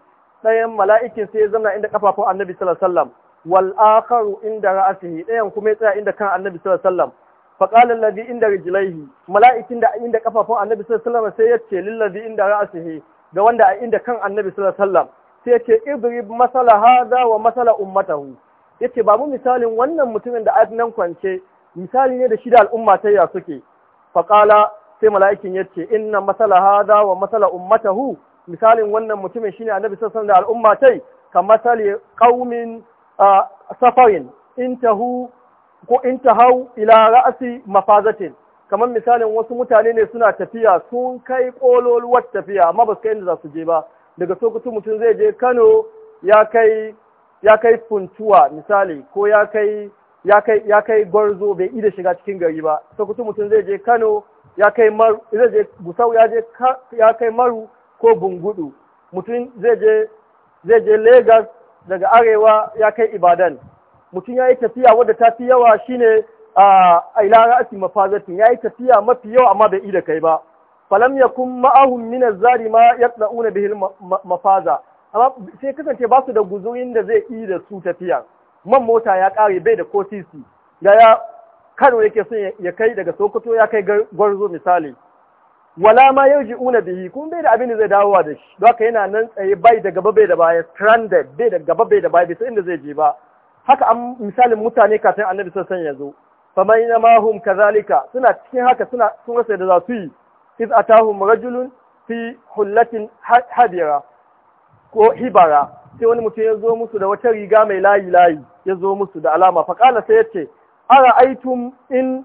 ɗayan mala'ikin sai ya zauna inda kafafun annabi sallallahu alaihi wasallam wal akharu inda ra'sihi ɗayan kuma ya tsaya inda kan annabi sallallahu alaihi wasallam فقال الذي عند رجليه mala'ikin da inda kafafun annabi sallallahu alaihi wasallam sai yace lillazi inda ra'sihi ga wanda a inda kan annabi sallallahu alaihi wasallam sai yace idrib masala hada wa masala ummatahu yace babu misalin wannan mutumin da nan kwance misali ne da shi da al'umma ta ya suke Faƙala sai mala'ikin yace inna masala hada wa masala ummatahu misalin wannan mutumin shine annabi sallallahu alaihi wasallam da al'umma tai kamar sali qaumin safarin intahu ko in ta hau ila ra'asi mafazatin kamar misalin wasu mutane ne suna tafiya sun kai kololuwar tafiya amma ba su kai inda za su je ba daga sokoto mutum zai je kano ya kai ya funtuwa misali ko ya kai gwarzo bai ida shiga cikin gari ba sokoto mutum zai je kano ya kai maru ya kai maru ko bungudu mutum zai je zai je lagos daga arewa ya kai ibadan mutum ya yi tafiya wadda ta fi yawa shine a ila mafazatin ya yi tafiya mafi yawa amma bai ida kai ba falam kun ma'ahum min zari ma tsauna bihi mafaza amma sai kasance ba su da guzurin da zai yi da su tafiya man mota ya kare bai da kotisi da ya Kano yake son ya kai daga Sokoto ya kai gwarzo misali wala ma una bihi kun bai da abin da zai dawowa da shi haka yana nan tsaye bai da gaba bai da baya stranded bai da gaba bai da baya bai inda zai je ba haka an misalin mutane kafin annabi sun san ya zo na mahum kazalika suna cikin haka suna sun rasa da za su yi iz atahum rajulun fi hullatin hadira ko hibara sai wani mutum ya zo musu da wata riga mai layi layi ya zo musu da alama kala sai yace ara aitum in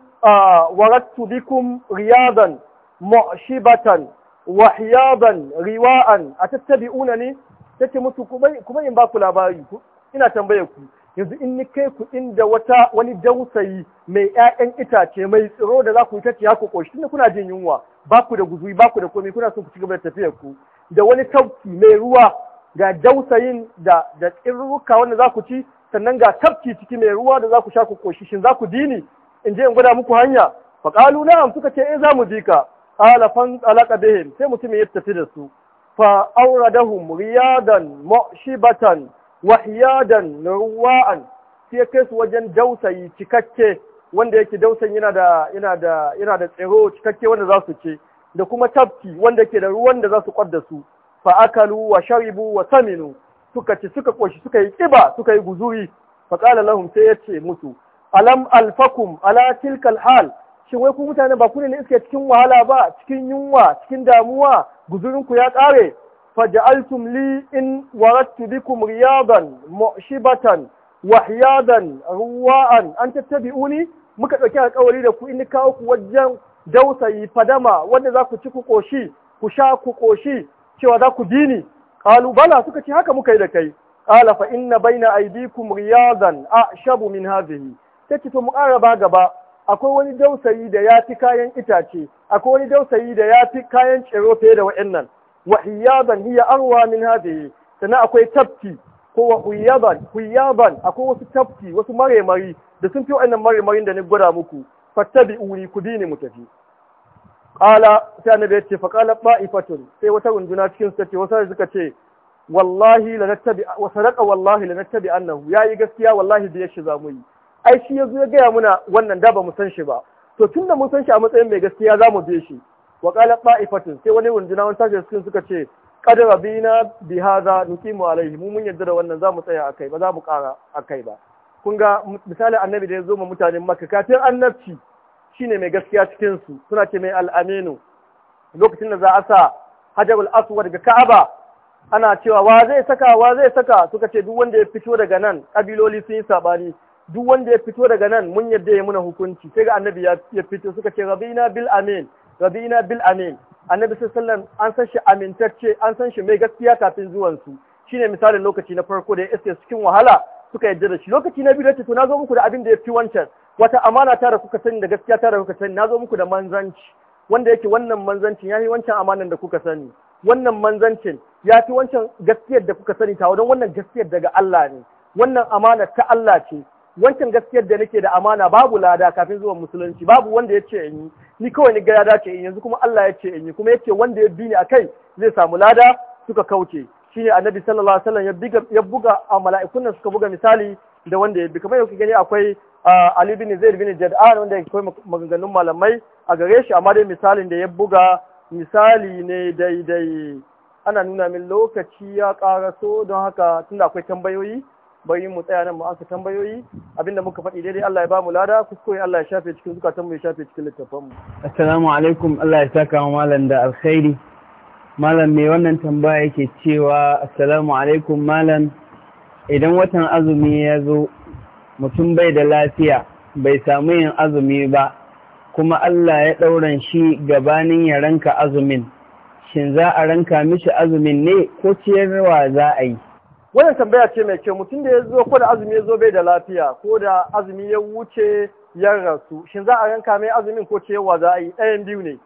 warattu bikum riyadan mu'shibatan wa hiyadan riwa'an atattabi'unani tace musu kuma in ba ku labari ina tambayar ku yanzu in ni kai ku inda wata wani dausayi mai ƴaƴan itace mai tsiro da za ku yi ta ciya ku koshi tunda kuna jin yunwa ba ku da guzuri ba ku da komai kuna son ku ci gaba da tafiyar ku da wani tafki mai ruwa ga dausayin da da tsirruka wanda za ku ci sannan ga tafki ciki mai ruwa da za ku sha ku koshi shin za ku dini in je in gwada muku hanya fa qalu na'am suka ce eh za mu ji ka ala fan alaqa bihim sai mutum ya tafi da su fa auradahum riyadan mu'shibatan wahiyadan ruwa'an sai kai su wajen dausayi cikakke wanda yake dausayi yana da yana da yana da tsiro cikakke wanda za su ce da kuma tafki wanda yake da ruwan da za su kwadda su fa akalu wa sharibu wa saminu suka ci suka koshi suka yi kiba suka yi guzuri fa qala lahum sai yace musu alam alfakum ala tilkal hal shin wai ku mutane ba ku ne iske cikin wahala ba cikin yunwa cikin damuwa guzurin ku ya kare فجعلتم in إن وردت بكم batan, مؤشبة وحيادا an أن تتبعوني muka ɗauki alƙawari da ku in kawo ku wajen dausayi fadama wanda za ku ci ku ƙoshi ku sha ku ƙoshi cewa za ku bi ni bala suka ce haka muka yi da kai ƙala fa inna baina aidikum riyadan a shabu min hazihi ta ce to mu ƙaraba gaba akwai wani dausayi da ya fi kayan itace akwai wani dausayi da ya fi kayan tsiro fiye da wa'annan wa hiyaban hiya arwa min hadhihi sannan akwai tafki ko wa akwai wasu tafki wasu maremari da sun fi wa'annan maremarin da ni gwada muku uri, ku bi ni mu tafi qala sai annabi yace fa qala ba'ifatun sai wata runduna cikin su ce, wasu suka ce wallahi la nattabi wa Ya wallahi la nattabi annahu yayi gaskiya wallahi biyar shi zamu yi ai shi yazo ya gaya muna wannan da ba mu san shi ba to tunda mun san shi a matsayin mai gaskiya zamu bi shi wa qala sai wani runduna wani sashen cikin suka ce qad rabina bi hadha nuqimu alaihi mu mun yadda da wannan za mu tsaya a kai ba za mu ƙara kai ba kun ga misali annabi da ya zo ma mutanen makka kafin annabci shine mai gaskiya cikin su suna ce mai al'aminu lokacin da za a sa hajarul aswad ga ka'aba ana cewa wa zai saka wa zai saka suka ce duk wanda ya fito daga nan kabiloli sun yi sabani duk wanda ya fito daga nan mun yarda ya muna hukunci sai ga annabi ya fito suka ce rabina bil amin rabi'ina bil amin annabi sallallahu an san shi amintacce an san shi mai gaskiya kafin zuwan su shine misalin lokaci na farko da ya iske cikin wahala suka yarda da shi lokaci na biyu da tuna na zo muku da abin da ya fi wancan wata amana ta da kuka sani da gaskiya ta da kuka sani na zo muku da manzanci wanda yake wannan manzancin ya fi wancan amanan da kuka sani wannan manzancin yafi fi wancan gaskiyar da kuka sani ta don wannan gaskiyar daga Allah ne wannan amana ta Allah ce wancan gaskiyar da nake da amana babu lada kafin zuwa musulunci babu wanda ya ce in yi ni kawai ni gaya dace in yanzu kuma Allah ya ce in yi kuma ya ce wanda ya bi ni akai zai samu lada suka kauce shine annabi sallallahu alaihi wasallam ya buga a mala'ikun nan suka buga misali da wanda ya bi kamar yau gani akwai Ali bin Zaid bin Jad'an wanda akwai maganganun malamai a gare shi amma dai misalin da ya buga misali ne daidai ana nuna min lokaci ya karaso don haka tunda akwai tambayoyi bayin mu tsaya nan mu aka tambayoyi abinda muka faɗi daidai Allah ya bamu lada kuskure Allah ya shafe cikin zukatan mu ya shafe cikin littafan mu assalamu alaikum Allah ya saka wa malam da alkhairi malam mai wannan tambaya yake cewa assalamu alaikum malam idan watan azumi ya zo mutum bai da lafiya bai samu yin azumi ba kuma Allah ya ɗauran shi gabanin ya ranka azumin shin za a ranka mishi azumin ne ko ciyarwa za a yi wannan tambaya ce mai kyau mutum da ya zo ko da azumi ya zo bai da lafiya ko da azumi ya wuce ya rasu shin za a ranka mai azumin ko cewa za a yi ɗayan biyu ne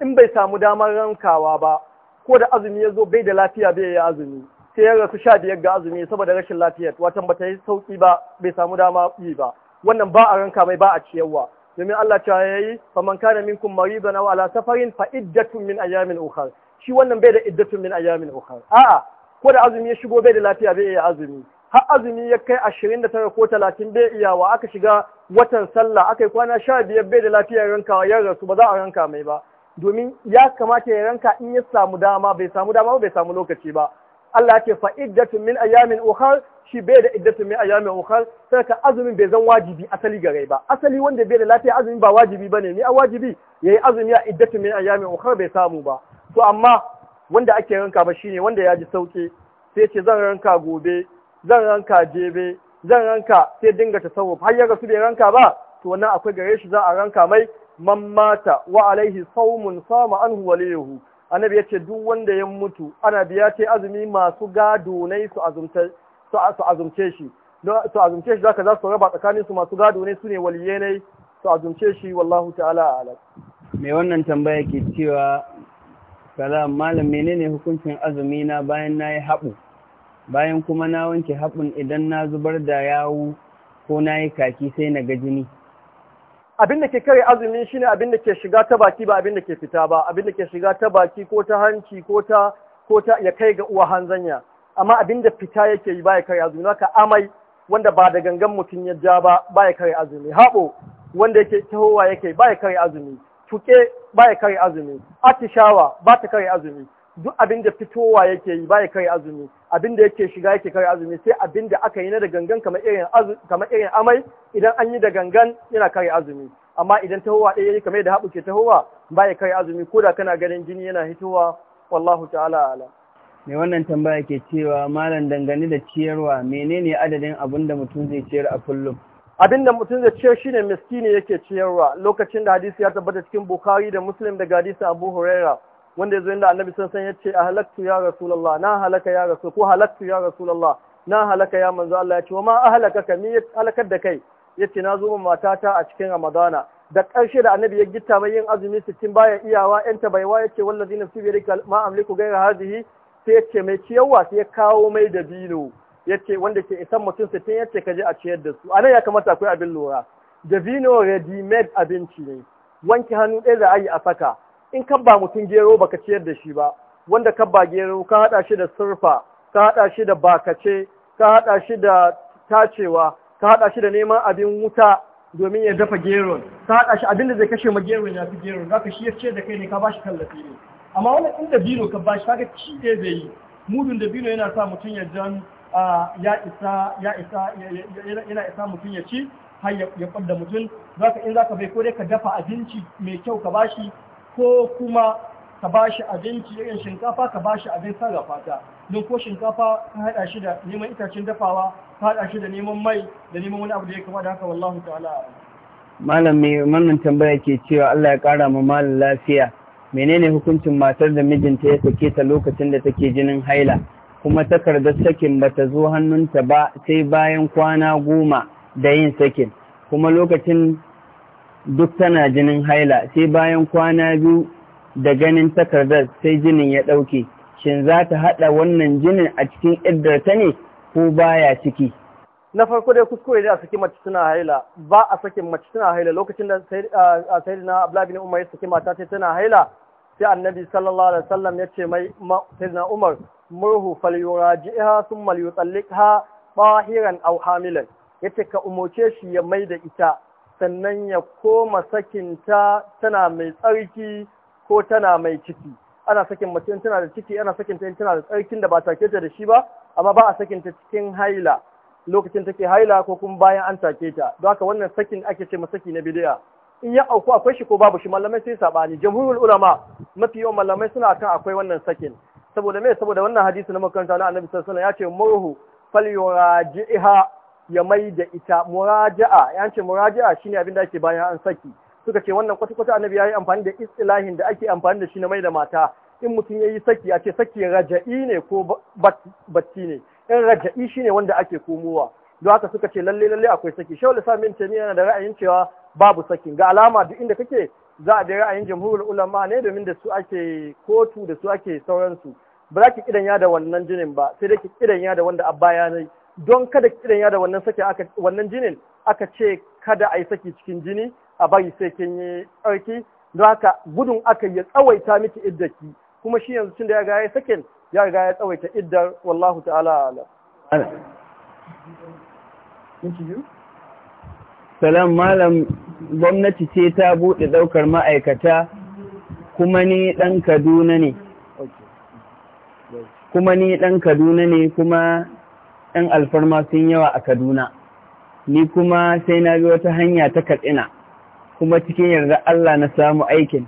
in bai samu damar rankawa ba ko da azumi ya zo bai da lafiya bai yi azumi sai ya rasu sha biyar ga azumi saboda rashin lafiya watan ba ta yi sauki ba bai samu dama yi ba wannan ba a ranka mai ba a ciyarwa domin Allah ta yayi faman kana minkum maridan aw ala safarin fa iddatun min ayamin ukhra shi wannan bai da iddatun min ayamin ukhra a'a ko da azumi ya shigo bai da lafiya bai iya azumi har azumi ya kai ashirin da tara ko talatin bai iyawa aka shiga watan sallah aka yi kwana sha biyar bai da lafiya rankawa ya rasu ba za a ranka mai ba domin ya kamata ya ranka in ya samu dama bai samu dama ba bai samu lokaci ba Allah ce fa iddatun min ayamin ukhar shi bai da iddatun min ayamin ukhar sai ka azumin bai zan wajibi asali gare ba asali wanda bai da lafiya azumi ba wajibi bane ni a wajibi yayi azumi a iddatun min ayamin ukhar bai samu ba to amma wanda ake ranka ba shine wanda ya ji sauke. sai ce zan ranka gobe zan ranka jebe zan ranka sai dinga ta sauwa har ya su bai ranka ba to wannan akwai gare shi za a ranka mai Mamata! mata wa alaihi saumun sama anhu waliyahu annabi ce duk wanda ya mutu ana biya ce azumi masu gado ne su azumce su azumce shi su azumce shi zaka za su raba tsakanin su masu gado ne su ne waliye su azumce shi wallahu ta'ala a'lam me wannan tambaya ke cewa salam malam menene hukuncin azumi na bayan na yi haɓu bayan kuma na wanke haɓun idan na zubar da yawu ko na yi kaki sai na ga jini abin da ke kare azumi shine abin da ke shiga ta baki ba abin da ke fita ba abin da ke shiga ta baki ko ta hanci ko ta ya kai ga uwa hanzanya amma abin da fita yake yi baya kare azumi haka amai wanda ba da gangan mutum ya ja ba baya kare azumi haɓo wanda yake tahowa yake baya kare azumi tuke ba ya kare azumi atishawa ba ta kare azumi duk abin da fitowa yake yi ba ya kare azumi abin da yake shiga yake kare azumi sai abin da aka yi na da gangan kamar irin amai idan an yi da gangan yana kare azumi amma idan tahowa ɗaya yi kama da haɓu ke tahowa ba ya kare azumi ko da kana ganin jini yana hitowa wallahu ta'ala ala wannan tambaya ke cewa malam dangane da ciyarwa menene adadin abin da mutum zai ciyar a kullum abinda mutum zai ciyar shine miskini yake ciyarwa lokacin da hadisi ya tabbata cikin bukhari da muslim da hadisi abu huraira wanda yazo inda annabi sun san yace ahlaktu ya rasulullah na halaka ya rasul ko halaktu ya rasulullah na halaka ya manzo Allah ce, wa ma ahlakaka me halakar da kai yace na zo matata a cikin ramadana da ƙarshe da annabi ya gitta mai yin azumi sittin baya iyawa yan tabaiwa yace wallazi nafsi bi yadika ma amliku ghayra hadhihi sai yace mai ciyarwa sai ya kawo mai dabino yace wanda ke isan mutum tun yace ka je a ciyar da su anan ya kamata akwai abin lura Da vino ready made abinci ne wanke hannu ɗaya za a yi a saka in ka ba mutum gero baka ciyar da shi ba wanda ka ba gero ka haɗa shi da surfa ka haɗa shi da bakace ka haɗa shi da tacewa ka haɗa shi da neman abin wuta domin ya dafa geron ka haɗa shi abinda zai kashe ma gero ya fi gero. za ka shi ya ce da kai ne ka bashi kallafi tallafi ne amma wannan inda da ka bashi, k'a ga ci zai yi mudun da biro yana sa mutum ya jan ya isa yana isa mutum ya ci har ya fadda mutum za ka in za ka bai ko dai ka dafa abinci mai kyau ka bashi ko kuma ka bashi abinci irin shinkafa ka bashi abin sarrafa ta don ko shinkafa ka haɗa shi da neman itacen dafawa ka haɗa shi da neman mai da neman wani abu da ya kama da haka wallahu ta'ala malam mai wannan tambaya ke cewa Allah ya ƙara ma malam lafiya menene hukuncin matar da mijinta ya sake ta lokacin da take jinin haila kuma takardar sakin ba ta zo hannunta ba sai bayan kwana goma da yin sakin kuma lokacin duk tana jinin haila sai bayan kwana biyu da ganin takardar sai jinin ya ɗauke shin za ta haɗa wannan jinin a cikin iddar ta ne ko baya ciki na farko dai kuskure da a saki mace tana haila ba a saki mace tana haila lokacin da na abdullahi bin umar ya saki mata tana haila sai annabi sallallahu alaihi wasallam ya ce mai sayyidina umar murhu sun thumma liyutallaqha ɓahiran au hamilan yace ka umarce shi ya mai da ita sannan ya koma sakinta tana mai tsarki ko tana mai ciki ana sakin mace tana da ciki ana sakin ta tana da tsarkin da ba take ta da shi ba amma ba a sakin ta cikin haila lokacin take haila ko kuma bayan an take ta don haka wannan sakin ake ce saki na bidiya in ya auku akwai shi ko babu shi mallamai sai sabani jamhurul ulama mafi yawan malamai suna kan akwai wannan sakin saboda me saboda wannan hadisi na makaranta na annabi sassana ya ce murhu ya mai da ita muraja'a ya ce muraja'a shine abin da ake bayan an saki suka ce wannan kwata kwata annabi ya yi amfani da istilahin da ake amfani da shi na mai da mata in mutum ya yi saki a ce saki raja'i ne ko batti ne in raja'i shi ne wanda ake komowa don haka suka ce lalle lalle akwai saki shawul samin tamiya yana da ra'ayin cewa babu sakin ga alama duk inda kake za a bi ra'ayin jamhurul ulama ne domin da su ake kotu da su ake sauransu ba za ki ya da wannan jinin ba sai dai ki ya da wanda abba ya nai don kada ki ya da wannan sake aka wannan jinin aka ce kada a yi saki cikin jini a bari sai kin yi tsarki don haka gudun aka ya tsawaita miki iddaki kuma shi yanzu tun da ya ga ya sakin ya ga ya tsawaita iddar wallahu ta'ala ala salam malam gwamnati ce ta buɗe ɗaukar ma'aikata kuma ni ɗan kaduna ne kuma ni ɗan Kaduna ne kuma ɗan alfarma sun yawa a Kaduna, ni kuma sai na bi wata hanya ta Katsina, kuma cikin yarda Allah na samu aikin,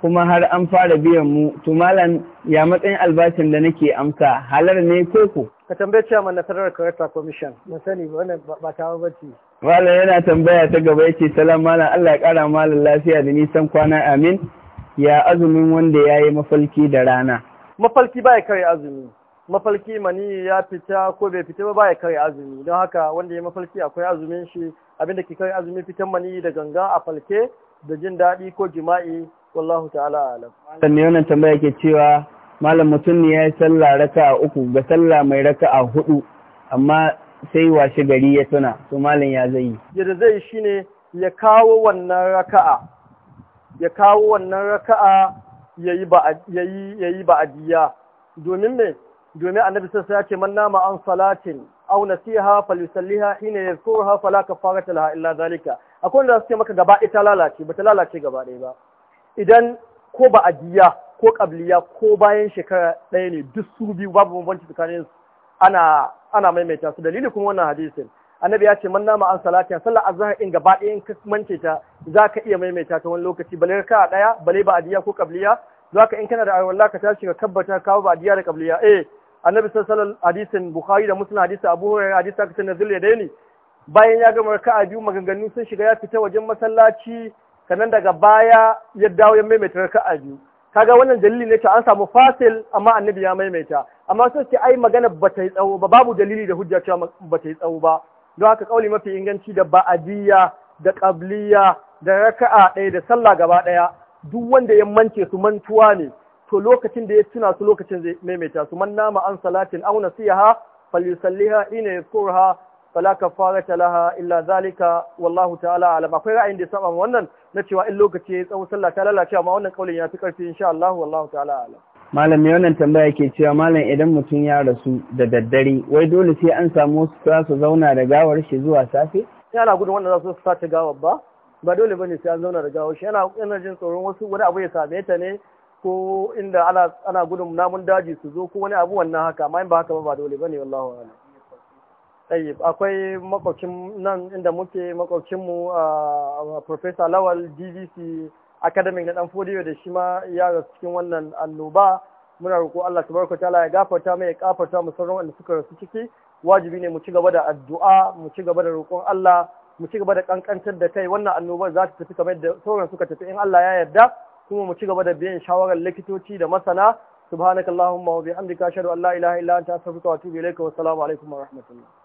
kuma har an fara biyan mu, tumalan ya matsayin albashin da nake amsa halar ne koko. ka tambaye chairman na federal karata commission na sani wannan ba ta ba ce wala yana tambaya ta gaba yace salam malam Allah ya kara malam lafiya da nisan kwana amin ya azumin wanda yayi mafalki da rana mafalki baya kare azumi mafalki mani ya fita ko bai fita ba baya kare azumi don haka wanda ya mafalki akwai azumin shi abinda ke kare azumi fitan mani da ganga a falke da jin daɗi ko jima'i wallahu ta'ala alam malam ne wannan tambaya ke cewa malam mutum ne ya yi sallah raka'a uku ga sallah mai raka'a hudu amma sai washe gari ya tuna to malam ya zai yi yadda zai shine ya kawo wannan raka'a ya kawo wannan raka'a yayi ba'adiyya domin ne domin annabi sai ya ce man nama an salatin aw nasiha falyusalliha hina yadhkuruha fala kafarata laha illa zalika akwai wanda suke maka gaba ita lalace bata lalace gaba ɗaya ba idan ko ba'adiyya ko qabliya ko bayan shekara ɗaya ne duk su biyu babu bambanci tsakanin ana ana maimaita su dalili kuma wannan hadisin annabi ya ce man nama an salatin sallar azhar in gaba ɗaya in ka mance ta ka iya maimaita ta wani lokaci bale ka ɗaya, bale ba adiya ko kabliya ka in kana da arwalla ka tashi ka kabbata kawo ba adiya da kabliya eh annabi sallallahu hadisin bukhari da muslim hadisi abu hurairah hadisi ka tana zulle da ni bayan ya gama a biyu maganganu sun shiga ya fita wajen masallaci kanan daga baya ya dawo ya maimaita a biyu kaga wannan dalili ne ta an samu fasil amma annabi ya maimaita amma sai ai magana bata yi tsawo ba babu dalili da hujja cewa bata yi tsawo ba don haka kauli mafi inganci da ba'adiyya da kabliya da raka'a ɗaya da sallah gaba ɗaya duk wanda ya mance su mantuwa ne to lokacin da ya tuna su lokacin zai maimaita su man nama an salatin aw nasiha falyusalliha ina yaskurha fala kafarata laha illa zalika wallahu ta'ala alam akwai ra'ayin da ya saba wannan na cewa in lokaci ya tsawo sallah ta lalace amma wannan kaulin ya fi karfi insha Allah wallahu ta'ala alam malam mai wannan tambaya ke cewa malam idan mutum ya rasu da daddare wai dole sai an samu su za su zauna da gawar shi zuwa safe yana gudun wanda za su sace gawar ba ba dole bane sai an zauna da gawar shi yana yana jin tsoron wasu wani abu ya same ta ne ko inda ana ana gudun namun daji su zo ko wani abu wannan haka amma in ba haka ba ba dole bane wallahi a'lam tayyib akwai makokin nan inda muke makokin mu a ah, ah, professor Lawal DVC academic na dan fodiyo da shi ma ya rasu cikin wannan annoba muna roƙo Allah tabaraka ta'ala ya gafarta mai ya gafarta mu sauran wanda suka rasu ciki wajibi ne mu ci gaba da addu'a mu ci gaba da roƙon Allah mu ci gaba da kankantar da kai wannan annobar za ta tafi kamar da sauran suka tafi in Allah ya yarda kuma mu ci gaba da biyan shawarar likitoci da masana subhanakallahumma wa bihamdika ashhadu an la ilaha illa anta astaghfiruka wa atubu ilaika wa assalamu alaikum wa rahmatullah